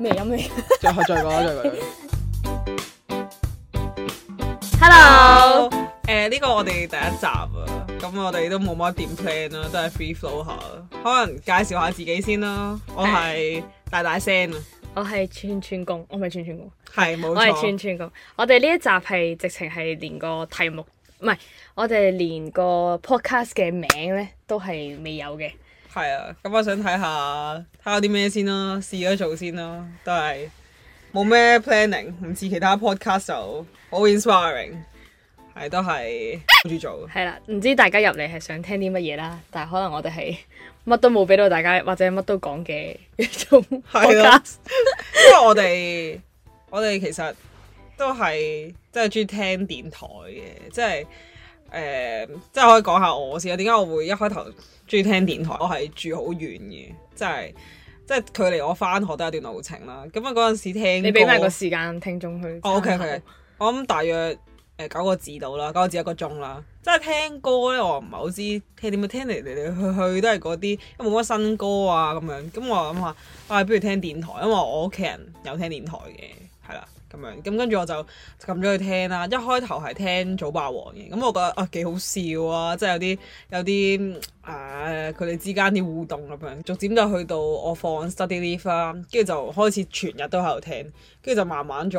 咩飲文あ fate 最後再再講再講。Hello，誒呢個我哋第一集啊，咁我哋都冇乜點 plan 啦，都係 free flow 下 MID ız 可能介紹下自己先啦。我係大大聲啊，我係串串工，我唔係串串工，係冇錯，我係串串工。我哋呢一集係直情係連個題目，唔係我哋連個 podcast 嘅名咧都係未有嘅。係啊，咁我、嗯、想睇下睇下啲咩先咯，試咗做先咯，都係冇咩 planning，唔似其他 podcast 就好 inspiring，係都係諗住做。係啦、啊，唔知大家入嚟係想聽啲乜嘢啦，但係可能我哋係乜都冇俾到大家，或者乜都講嘅一種 podcast，因為我哋 我哋其實都係即係中意聽電台嘅，即係誒，即、呃、係可以講下我先啊，點解我會一開頭？中意聽電台，我係住好遠嘅，即係即係距離我返學都有一段路程啦。咁啊嗰陣時聽，你俾埋個時間聽眾去、哦。OK k、okay. 我諗大約誒九、呃、個字到啦，九個字一個鐘啦。即係聽歌咧，我唔係好知聽點樣聽嚟嚟嚟去去都係嗰啲，因冇乜新歌啊咁樣。咁、嗯、我諗話，唉、哎，不如聽電台，因為我屋企人有聽電台嘅。咁樣咁跟住我就撳咗去聽啦。一開頭係聽早霸王嘅，咁我覺得啊幾好笑啊，即係有啲有啲誒佢哋之間啲互動咁樣，逐漸就去到我放 study leave 啦、啊，跟住就開始全日都喺度聽，跟住就慢慢再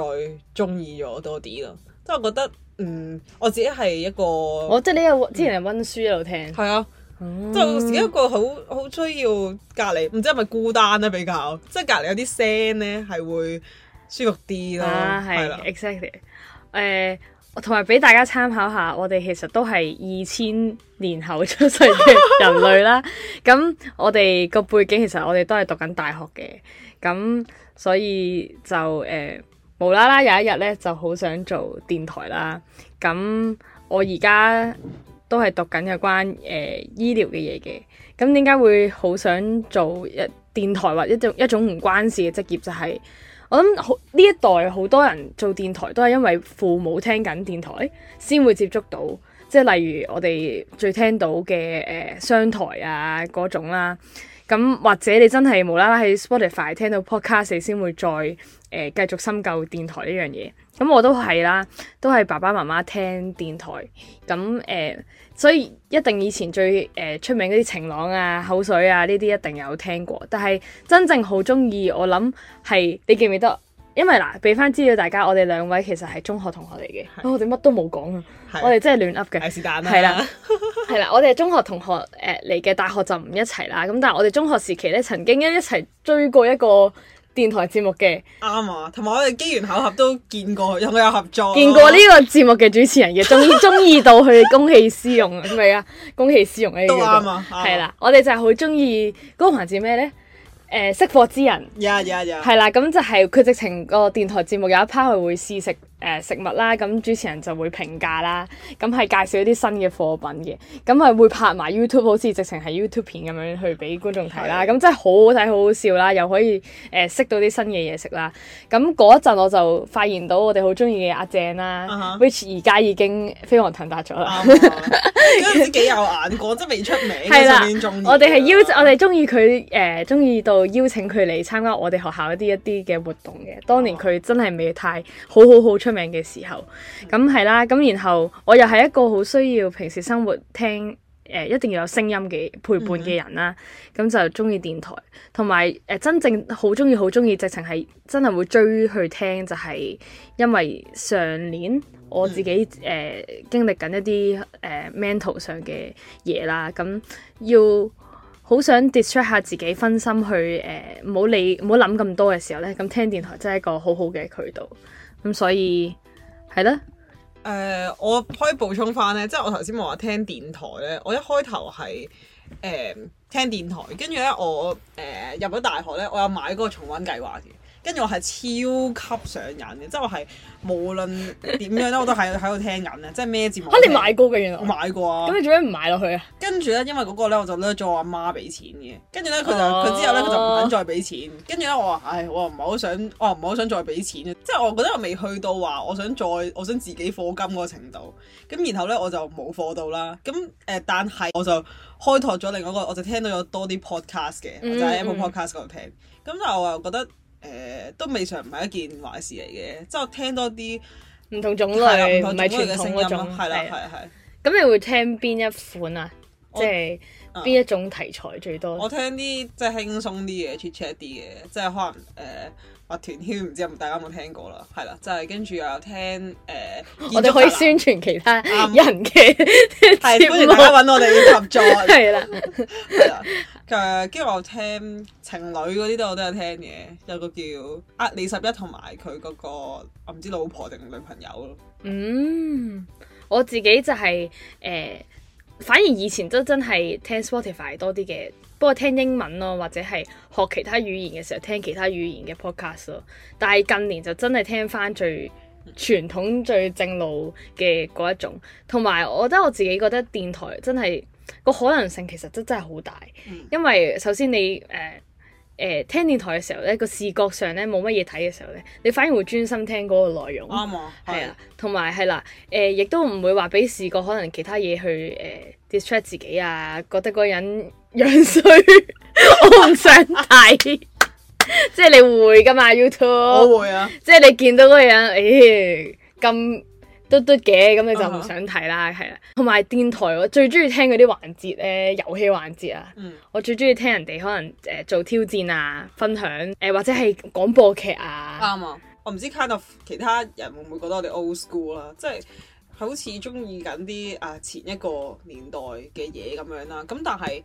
中意咗多啲咯。即係我覺得嗯，我自己係一個，我即係你有之前係溫書喺度聽，係、嗯、啊，即係、嗯、自己一個好好需要隔離，唔知係咪孤單咧比較，即係隔離有啲聲咧係會。舒服啲咯，係啦、啊、了，exactly、呃。誒，同埋俾大家參考下，我哋其實都係二千年後出世嘅人類啦。咁 我哋個背景其實我哋都係讀緊大學嘅，咁所以就誒、呃、無啦啦有一日咧就好想做電台啦。咁我而家都係讀緊有關誒、呃、醫療嘅嘢嘅。咁點解會好想做一電台或一種一種唔關事嘅職業就係、係？我諗好呢一代好多人做電台都係因為父母聽緊電台先會接觸到。即係例如我哋最聽到嘅，誒、呃、商台啊嗰種啦，咁或者你真係無啦啦喺 Spotify 聽到 podcast 你先會再誒繼、呃、續深究電台呢樣嘢，咁我都係啦，都係爸爸媽媽聽電台咁誒。所以一定以前最誒、呃、出名嗰啲晴朗啊、口水啊呢啲一定有聽過，但係真正好中意，我諗，係你記唔記得？因為嗱，俾翻資料大家，我哋兩位其實係中學同學嚟嘅。我哋乜都冇講啊，我哋真係亂 up 嘅，係時間啦。係啦，我哋係中學同學誒嚟嘅，大學就唔一齊啦。咁但係我哋中學時期咧，曾經一一齊追過一個電台節目嘅，啱啊，同埋我哋機緣巧合都見過，有冇有合作？見過呢個節目嘅主持人嘅，仲中意到佢哋公器私用啊，係咪啊？公器私用嘅嘢都啱對啊，係啦，我哋就係好中意嗰個環節咩咧誒、呃，識貨之人，有啊有係啦，咁就係佢直情個電台節目有一 part 佢會試食。誒、呃、食物啦，咁主持人就會評價啦，咁係介紹一啲新嘅貨品嘅，咁係會拍埋 YouTube，好似直情係 YouTube 片咁樣去俾觀眾睇啦，咁耶真係好好睇、好好笑啦，又可以誒識到啲新嘅嘢食啦。咁嗰陣我就發現到我哋好中意嘅阿鄭啦、uh huh.，which 而家已經飛黃騰達咗啦。咁唔知幾有眼光，真係未出名。係啦 了，我哋係邀， 我哋中意佢誒，中、呃、意到邀請佢嚟參加我哋學校一啲一啲嘅活動嘅。Uh huh. 當年佢真係未太好好好出出名嘅時候，咁係啦，咁然後我又係一個好需要平時生活聽誒、呃、一定要有聲音嘅陪伴嘅人啦，咁、mm hmm. 就中意電台，同埋誒真正好中意好中意，直情係真係會追去聽，就係、是、因為上年我自己誒、mm hmm. 呃、經歷緊一啲誒、呃、mental 上嘅嘢啦，咁要好想 distract 下自己分心去誒，唔、呃、好理唔好諗咁多嘅時候咧，咁聽電台真係一個好好嘅渠道。咁所以係啦。誒、呃，我可以補充翻咧，即係我頭先話聽電台咧，我一開頭係誒聽電台，跟住咧我誒、呃、入咗大學咧，我有買嗰個重溫計劃嘅。跟住我係超級上癮嘅，即係我係無論點樣咧，我都喺喺度聽緊咧，即係咩節目。嚇你買過嘅嘢啊？買過啊！咁你做咩唔買落去啊？跟住咧，因為嗰個咧，我就拎咗我阿媽俾錢嘅。跟住咧，佢就佢之後咧，佢就唔肯再俾錢。跟住咧，我話唉、哎，我唔係好想，我唔係好想再俾錢。即係我覺得我未去到話，我想再我想自己課金嗰個程度。咁然後咧，我就冇課到啦。咁誒、呃，但係我就開拓咗另外一個，我就聽到有多啲 pod、嗯、podcast 嘅，就喺 Apple Podcast 嗰度聽。咁但、嗯、我又覺得。誒、呃、都未嘗唔係一件壞事嚟嘅，即係我聽多啲唔同種類唔、啊、同種類嘅聲音啦係係。咁你會聽邊一款啊？我即係。邊一種題材最多？嗯、我聽啲即係輕鬆啲嘅，cheap cheap 啲嘅，即係可能誒，阿團圈唔知有大家有冇聽過啦，係啦，就係跟住又有聽誒，呃、我哋可以宣傳其他人嘅、嗯，係歡迎大家揾我哋合作，係啦 的，係啦 誒、就是，跟住我聽情侶嗰啲都我都有聽嘅，有個叫阿、啊、李十一同埋佢嗰個我唔知老婆定女朋友咯。嗯，我自己就係、是、誒。呃反而以前都真係聽 Spotify 多啲嘅，不過聽英文咯，或者係學其他語言嘅時候聽其他語言嘅 podcast 咯。但係近年就真係聽翻最傳統、最正路嘅嗰一種。同埋我覺得我自己覺得電台真係、個可能性其實真真係好大，因為首先你誒。呃誒、呃、聽電台嘅時候呢，個視覺上呢，冇乜嘢睇嘅時候呢，你反而會專心聽嗰個內容。啱啊、嗯，係啊，同埋係啦，誒、呃、亦都唔會話俾視覺可能其他嘢去誒、呃、distract 自己啊，覺得嗰人樣衰， 我唔想睇。即係 你會㗎嘛 YouTube？我會啊！即係你見到嗰人，咦、哎、咁～都得嘅，咁你就唔想睇啦，係啦、uh。同、huh. 埋電台我最中意聽嗰啲環節咧，遊戲環節啊，mm. 我最中意聽人哋可能誒、呃、做挑戰啊，分享誒、呃、或者係廣播劇啊。啱啊、嗯，我、嗯、唔知 Kind of 其他人會唔會覺得我哋 old school 啦、啊，即係好似中意緊啲啊前一個年代嘅嘢咁樣啦。咁但係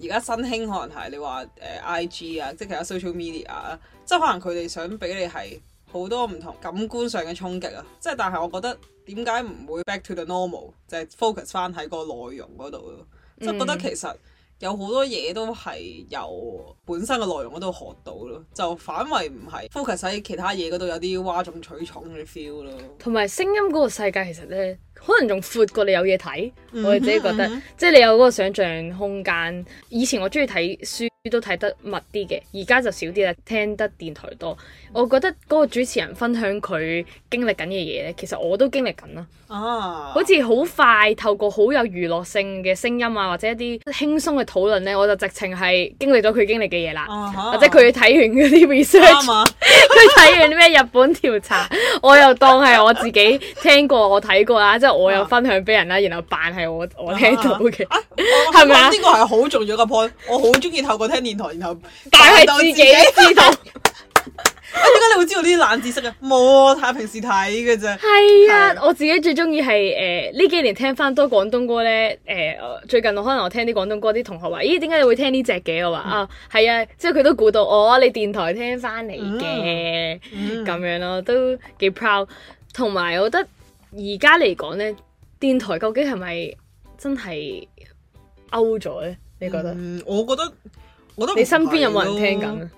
而家新興可能係你話誒、呃、IG 啊，即係其他 social media 啊，即係可能佢哋想俾你係。好多唔同感官上嘅衝擊啊！即係，但係我覺得點解唔會 back to the normal？就係 focus 翻喺個內容度咯，即係、嗯、覺得其實有好多嘢都係由本身嘅內容嗰度學到咯，就反而唔係 focus 喺其他嘢度有啲嘩眾取寵嘅 feel 咯。同埋聲音個世界其實咧，可能仲闊過你有嘢睇，嗯、哼我哋自己覺得，即係、嗯、哼你有個想象空間，以前我中意睇書。都睇得密啲嘅，而家就少啲啦。聽得電台多，我覺得嗰個主持人分享佢經歷緊嘅嘢咧，其實我都經歷緊啦。哦、啊，好似好快透過好有娛樂性嘅聲音啊，或者一啲輕鬆嘅討論咧，我就直情係經歷咗佢經歷嘅嘢啦。啊啊、或者佢睇完嗰啲 research，佢睇吧 完咩日本調查， 我又當係我自己聽過、我睇過啦，即係 我又分享俾人啦，然後扮係我我聽到嘅，係咪啊？呢個係好重要嘅 point，我好中意透過。聽電台，然後但係自己知道，啊，點解你會知道呢啲冷知識嘅？冇 啊，睇下平時睇嘅啫。係啊，我自己最中意係誒呢幾年聽翻多廣東歌咧。誒、呃，最近我可能我聽啲廣東歌，啲同學話：咦，點解你會聽呢隻嘅？嗯、我話啊，係啊，即係佢都估到我、哦，你電台聽翻嚟嘅咁樣咯，都幾 proud。同埋，我覺得而家嚟講咧，電台究竟係咪真係 out 咗咧？你覺得？嗯、我覺得。我覺得你身邊有冇人聽緊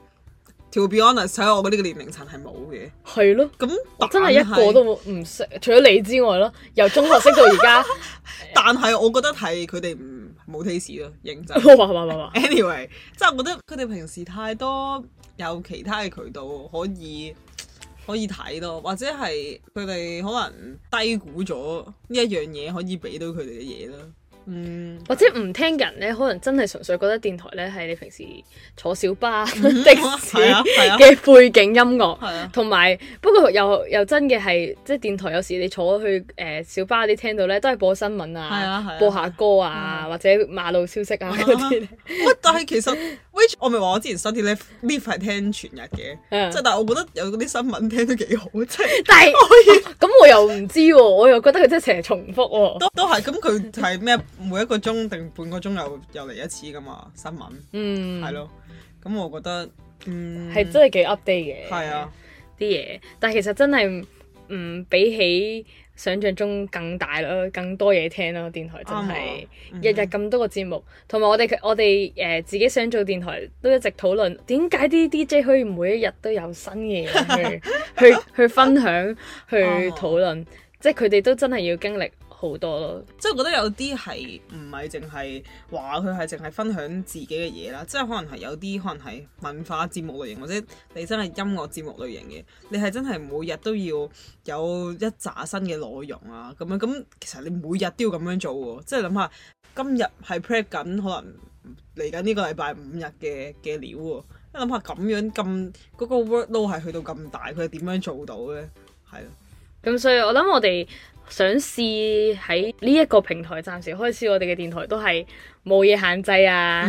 ？To be honest，喺我呢個嘅年齡層係冇嘅。係咯，咁真係一個都唔識，除咗你之外咯，由中學識到而家。 但係我覺得係佢哋唔冇 taste 咯，認真。Anyway，即係我覺得佢哋平時太多有其他嘅渠道可以可以睇咯，或者係佢哋可能低估咗呢一樣嘢可以俾到佢哋嘅嘢咯。嗯，或者唔聽人咧，可能真係純粹覺得電台咧係你平時坐小巴、的士嘅背景音樂，同埋、 啊啊啊、不過又又真嘅係，即係電台有時你坐去誒、呃、小巴啲聽到咧，都係播新聞啊，啊啊播下歌啊，嗯、或者馬路消息啊嗰啲。啊、 但係其實。我咪話我之前 Sunday Live 係聽全日嘅，即係的但係我覺得有嗰啲新聞聽得幾好，即係。但係是咁 我又唔知喎、啊，我又覺得佢真係成日重複喎、啊。都都係，咁佢係咩？ 每一個鐘定半個鐘又又嚟一次噶嘛新聞？嗯，係咯。咁我覺得，嗯，係真係幾 update 嘅。係啊的，啲嘢，但係其實真係，嗯，比起。想象中更大咯，更多嘢聽咯，電台真係日日咁多個節目，同埋我哋我哋誒、uh, 自己想做電台都一直討論點解啲 DJ 可以每一日都有新嘢去 去去分享去討論，uh huh. 即係佢哋都真係要經歷。好多咯，即係我覺得有啲係唔係淨係話佢係淨係分享自己嘅嘢啦，即係可能係有啲可能係文化節目類型或者你真係音樂節目類型嘅，你係真係每日都要有一紮新嘅內容啊，咁樣咁其實你每日都要咁樣做，即係諗下今日係 prep 緊可能嚟緊呢個禮拜五日嘅嘅料喎、啊，諗下咁樣咁嗰、嗰個 workload 係去到咁大，佢係點樣做到呢？係咯，咁所以我諗我哋。想試喺呢一個平台暫時開始我哋嘅電台都係冇嘢限制啊，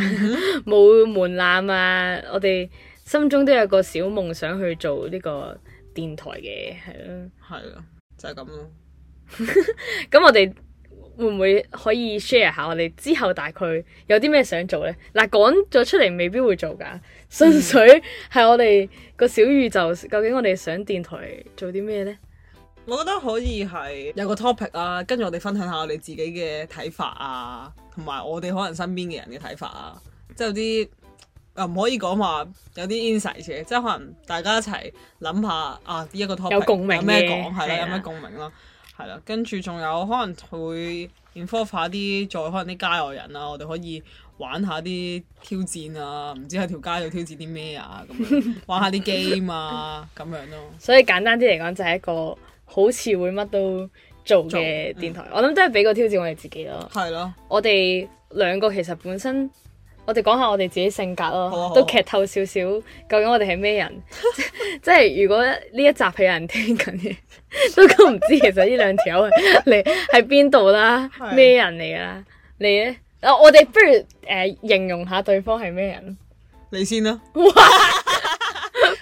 冇 門檻啊，我哋心中都有個小夢想去做呢個電台嘅，係咯、啊，係咯、啊，就係咁咯。咁 我哋會唔會可以 share 下我哋之後大概有啲咩想做呢？嗱、啊，講咗出嚟未必會做噶，純 粹係我哋個小宇宙。究竟我哋想電台做啲咩呢？我覺得可以係有個 topic 啊，跟住我哋分享下我哋自己嘅睇法啊，同埋我哋可能身邊嘅人嘅睇法啊，即係有啲又唔可以講話有啲 insight 嘅，即係可能大家一齊諗下啊呢一個 topic 有共鳴有咩講係啦，的有咩共鳴咯，係啦，跟住仲有可能會 inform 下啲再可能啲街外人啊。我哋可以玩下啲挑戰啊，唔知喺條街度挑戰啲咩啊，咁玩下啲 game 啊，咁樣咯。 所以簡單啲嚟講就係一個。好似會乜都做嘅電台，嗯、我諗都係俾個挑戰我哋自己咯。係咯的，我哋兩個其實本身，我哋講下我哋自己性格咯，好好都劇透少少，究竟我哋係咩人。 即係如果呢一集係有人聽緊嘅，都都唔知其實呢兩條友你係邊度啦，咩的人嚟噶啦？你咧、啊，我哋不如誒、呃、形容下對方係咩人。你先啦。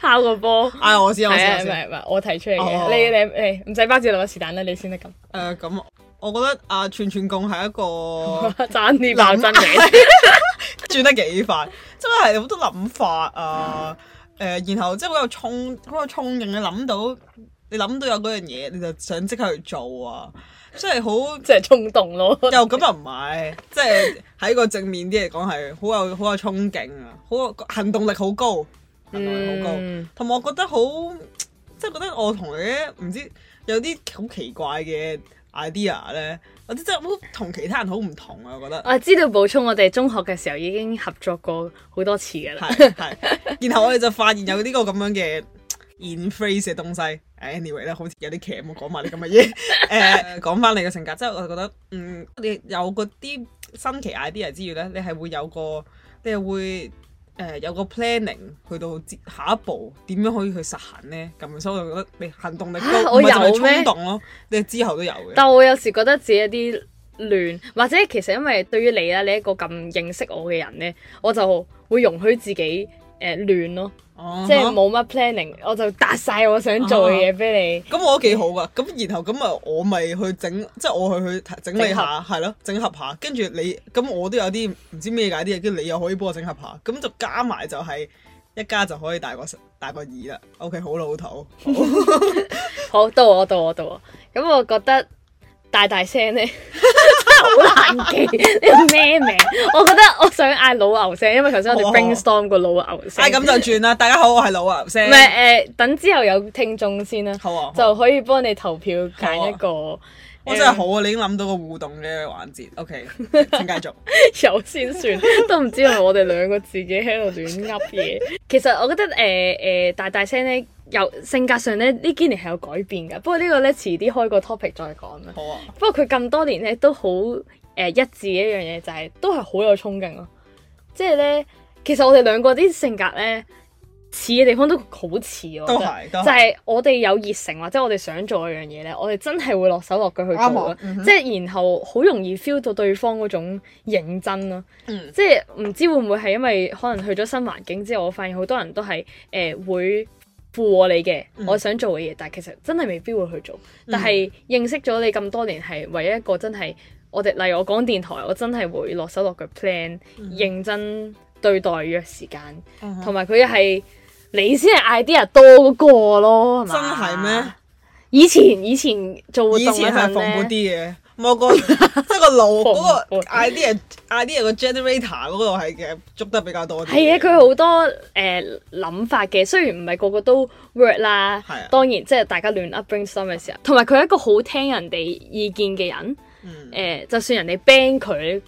拋個波，嗌我先，我先，唔係唔係，我提出嚟嘅、 哦，你你嚟唔使包住你個是但啦，你先得咁。誒，咁、呃，我覺得阿串串貢係一個賺啲撈真嘅 想，轉 得幾快，真係好多諗法啊！誒、嗯呃，然後即係好有衝，好有衝勁，你諗到你諗到有嗰樣嘢，你就想即刻去做啊！真即係好， 即係衝動咯。又咁又唔係，即係喺個正面啲嚟講，係好有好有衝勁啊，好有，好有，好有行動力好高。難度好高，同埋我覺得好，即係覺得我同你唔知有啲好奇怪嘅 idea 咧，或者真係好同其他人好唔同啊！我覺得。啊，知道補充，我哋中學嘅時候已經合作過好多次噶啦。係係。然後我哋就發現有呢個咁樣嘅 in phrase 嘅東西。Anyway 啦，好似有啲劇，唔好講埋啲咁嘅嘢。誒，講翻你嘅性格，即係我就覺得，嗯，你有嗰啲新奇 idea 之餘咧，你係會有個，你係會。誒、呃、有個 planning 去到接下一步點樣可以去實行呢？咁、嗯、所以我覺得你行動力高，唔係、啊、就係衝動咯。你之後都有嘅，但我有時覺得自己有啲亂，或者其實因為對於你啦，你一個咁認識我嘅人呢，我就會容許自己。誒亂咯，呃 uh huh. 即係冇乜 planning，我就揼晒我想做嘅嘢俾你。咁我都幾好噶，咁 Yeah. 然後咁咪我咪去整，即係我去去整理下，係咯合，整合下。跟住你咁我都有啲唔知咩解啲嘢，跟住你又可以幫我整合下，咁就加埋就係一加就可以大過大過二啦。OK，好老土，好， 好到我到我到我，咁我，我覺得大大，大聲呢。 好 難記呢個咩名？我覺得我想嗌老牛聲，因為頭先我哋 Brainstorm 個老牛聲。哎、啊，咁、啊、就轉啦！大家好，我係老牛聲。唔係誒，等之後有聽眾先啦、啊。好啊，就可以幫你投票揀一個。我真係好啊！好啊嗯、你已經諗到個互動嘅環節。OK，請繼續。 有先算，都唔知係咪我哋兩個自己喺度亂噏嘢。其實我覺得誒誒、呃呃、大大聲咧。有性格上咧，呢幾年係有改變噶。不過個呢個咧，遲啲開個 topic 再講啦。好啊。不過佢咁多年咧，都好誒、呃、一致嘅一樣嘢，就係、是、都係好有衝勁咯。即係咧，其實我哋兩個啲性格咧似嘅地方都好似喎。都係，就係我哋有熱誠或者我哋想做一樣嘢咧，我哋真係會落手落腳去做咯。即係、嗯、然後好容易 feel 到對方嗰種認真咯、啊。即係唔知會唔會係因為可能去咗新環境之後，我發現好多人都係誒、呃呃、會。附和你嘅，我想做嘅嘢，但係其實真係未必會去做。但係認識咗你咁多年，係唯一一個真係我哋，例如我講電台，我真係會落手落腳 plan，認真對待約時間，同埋佢係你先係 idea 多嗰個咯，係嘛？真係咩？以前以前做活動係做嗰啲嘢。冇 個即係 個腦嗰個 idea，idea 個 generator 嗰度係嘅，捉得比較多啲。係啊，佢好多誒諗、呃、法嘅，雖然唔係個個都 work 啦。係啊的，當然即係大家亂 up bring some 嘅時候，同埋佢係一個好聽人哋意見嘅人。嗯、呃，就算人哋 ban 佢，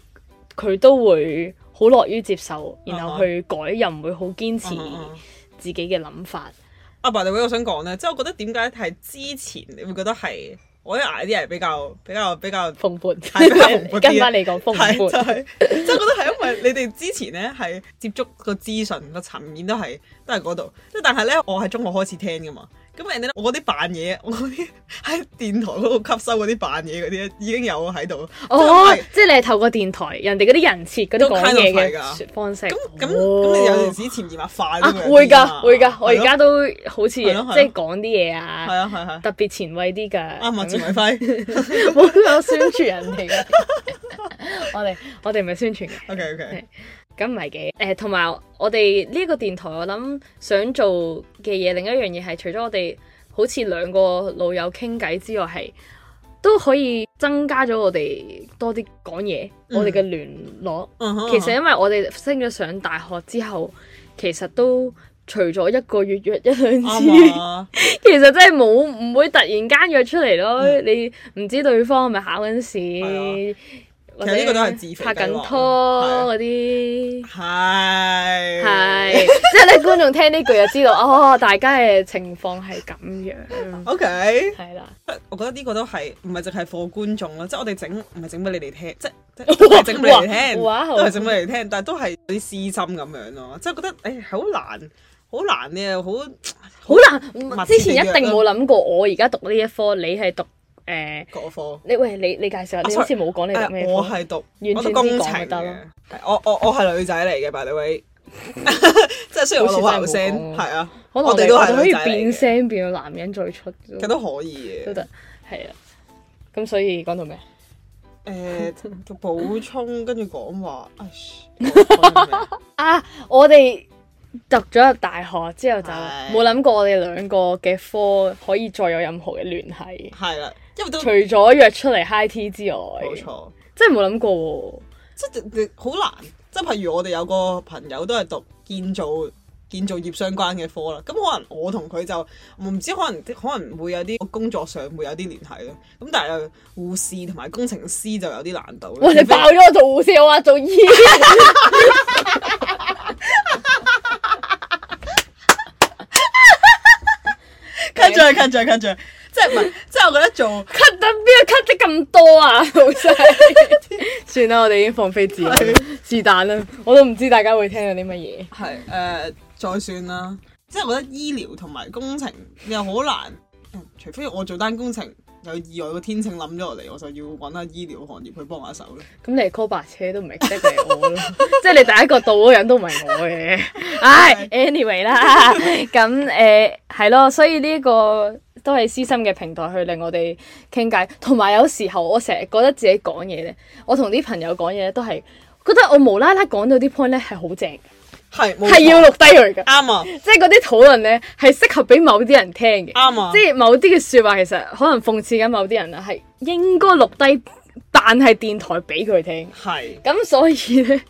佢都會好樂於接受，然後去改，嗯嗯又唔會好堅持自己嘅諗法，嗯嗯嗯、嗯嗯。阿爸，你會我想講咧，即係我覺得點解係之前你會覺得係？我啲捱啲係比較比較比較蓬勃，跟翻你講蓬勃，即係覺得係因為你哋之前咧，係接觸個資訊個 層面都係都係嗰度，即係但係咧我喺中學開始聽㗎嘛。咁人哋咧，我啲扮嘢，我啲喺電台嗰度吸收嗰啲扮嘢嗰啲已經有喺度。哦，即係你係透過電台人哋嗰啲人設嗰啲講嘢嘅方式。咁咁咁，你有陣時潛移默化快啊？會㗎會㗎，我而家都好似即係講啲嘢啊，係啊，係啊，特別前衛啲㗎。阿唔係前衛輝，我都有宣傳人哋。我哋我哋唔係宣傳㗎。OK OK。咁唔係嘅，誒、嗯，同埋我哋呢個電台，我諗想做嘅嘢，另一樣嘢係，除咗我哋好似兩個老友傾偈之外，係都可以增加咗我哋多啲講嘢，嗯、我哋嘅聯絡。嗯、哼哼哼，其實因為我哋升咗上大學之後，其實都除咗一個月約一兩次，嗯啊、 其實真係冇，唔會突然間約出嚟咯。嗯、你唔知對方係咪考緊試？嗯其實呢個都係自拍緊拖嗰啲，係係是，即係呢，觀眾聽呢句就知道 哦，大家嘅情況係咁樣。OK，係啦。我覺得呢個都係唔係淨係課觀眾啦，即係我哋整唔係整俾你哋聽，即係即係整俾你哋聽， 哇都係整俾你哋聽，但係都係啲私心咁樣咯。即係覺得誒，好難，好難嘅，好好難。之前一定冇諗過，我而家讀呢一科，你係讀。誒，嗰科你喂你你介紹下，你好似冇講你讀咩科。我係讀軟件工程嘅。我我我係女仔嚟嘅，by the way，即係需要我學聲。係啊，可能我哋都係可以變聲變到男人再出，咁都可以嘅，都得係啊。咁所以講到咩？誒，做補充跟住講話啊！我哋讀咗入大學之後就冇諗過我哋兩個嘅科可以再有任何嘅聯繫。係啦。因為都除咗約出嚟 high tea 之外，冇錯，真係冇諗過，即係好難。即係譬如我哋有個朋友都係讀建造、建造業相關嘅科啦，咁可能我同佢就唔知可能可能會有啲工作上會有啲聯繫咯。咁但係護士同埋工程師就有啲難度。哇！你爆咗我做護士，我話做醫。跟住，跟住，跟住。即係、就是、我覺得做 cut 得邊個 cut 得咁多啊，老細。算啦，我哋已經放飛自彈，是但啦，我都唔知大家會聽到啲乜嘢。係誒、呃，再算啦，即、就、係、是、我覺得醫療同埋工程又好難，除非我做單工程。有意外嘅天性諗咗落嚟，我就要揾下醫療行業去幫下手咧。咁你 call 白車都唔係即係我咯，即係你第一個到人都唔係我嘅。唉，anyway 啦，咁誒係咯，所以呢一個都係私心嘅平台去令我哋傾偈，同埋有，有時候我成日覺得自己講嘢呢，我同啲朋友講嘢都係覺得我無啦啦講到啲 point 呢係好正，係係要錄低佢嘅，啱啊！即係嗰啲討論咧，係適合俾某啲人聽嘅，啱啊錯！即係某啲嘅說話，其實可能諷刺緊某啲人啊，係應該錄低，但係電台俾佢聽，係咁是，所以咧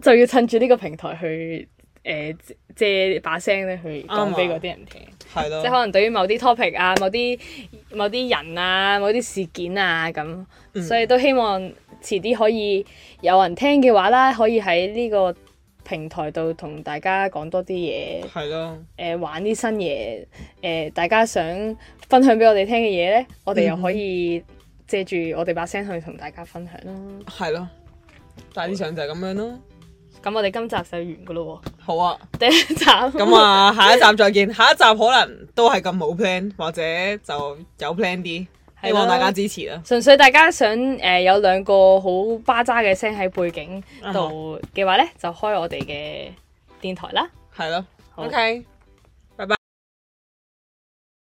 就要趁住呢個平台去誒、呃、借把聲咧去講俾嗰啲人聽，係咯錯，即係可能對於某啲 topic 啊，某啲某啲人啊，某啲事件啊咁，嗯、所以都希望遲啲可以有人聽嘅話啦，可以喺呢、這個平台度同大家講多啲嘢，係咯的，誒、呃、玩啲新嘢，誒、呃、大家想分享俾我哋聽嘅嘢咧，嗯、我哋又可以借住我哋把聲去同大家分享咯，係咯，大啲上大致上就係咁樣咯。咁的我哋今集就完噶咯喎，好啊，第一集，咁啊下一集再見， 下一集可能都係咁冇 plan，或者就有 plan 啲。希望大家支持啦，啊！純粹大家想誒、呃、有兩個好巴渣嘅聲喺背景度嘅話呢，uh huh。就開我哋嘅電台啦。係咯了好，OK。